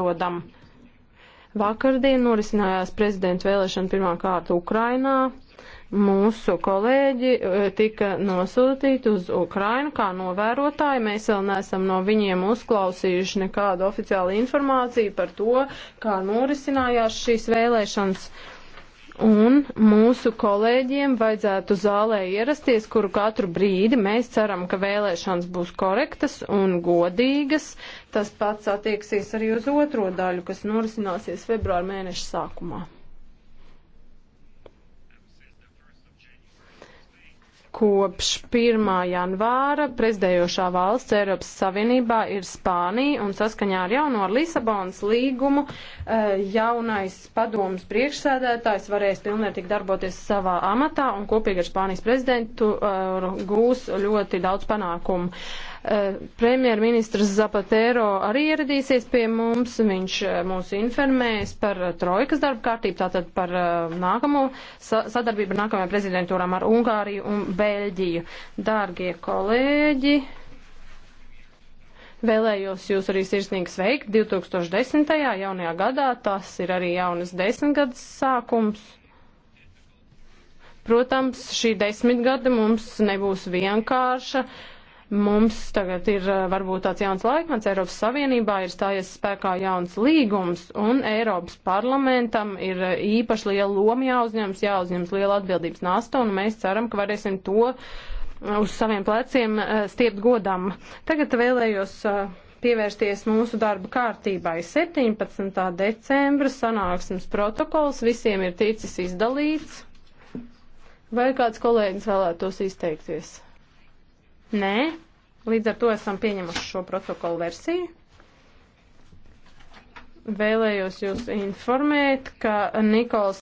nosodam. Vakardien norisinājās prezidenta vēlēšana pirmā kārta Ukrainā. Mūsu kolēģi e, tika nosūtīti uz Ukrainu kā novērotāji. Mēs vēl neesam no viņiem uzklausījuši nekādu oficiālu informāciju par to, kā norisinājās šīs vēlēšanas. Un mūsu kolēģiem vajadzētu zālē ierasties, kuru katru brīdi mēs ceram, ka vēlēšanas būs korektas un godīgas. Tas pats attieksies arī uz otro daļu, kas norisināsies februāra mēneša sākumā. Kopš 1. janvāra prezidējošā valsts Eiropas Savienībā ir Spānija un saskaņā ar jauno Lisabonas līgumu eh, jaunais padomas priekšsēdētājs varēs pilnvērtīgi darboties savā amatā un kopīgi ar Spānijas prezidentu eh, gūs ļoti daudz panākumu. Eh, premjerministrs Zapatero arī ieradīsies pie mums, viņš eh, mūs informēs par eh, trojkas darba kārtību, tātad par nākamo sadarbību ar nākamajām prezidentūrām ar Ungāriju un Beļģiju. Dārgie kolēģi, Vēlējos jūs arī sirsnīgi sveikt 2010. jaunajā gadā, tas ir arī jaunas desmitgades sākums. Protams, šī desmitgada mums nebūs vienkārša. Uh, Mums tagad ir eh, varbūt tāds jauns laikmets, Eiropas Savienībā ir stājies spēkā jauns līgums, un Eiropas parlamentam ir eh, īpaši liela loma jāuzņems, jāuzņems liela atbildības nasta, un mēs ceram, ka varēsim to eh, uz saviem pleciem stiept godam. Tagad vēlējos pievērsties mūsu darba kārtībai. 17. decembra sanāksmes protokols visiem ir ticis izdalīts. Vai kāds kolēģis vēlētos izteikties? Nē, līdz ar to esam pieņemuši šo protokolu versiju vēlējos jūs informēt, ka Nikols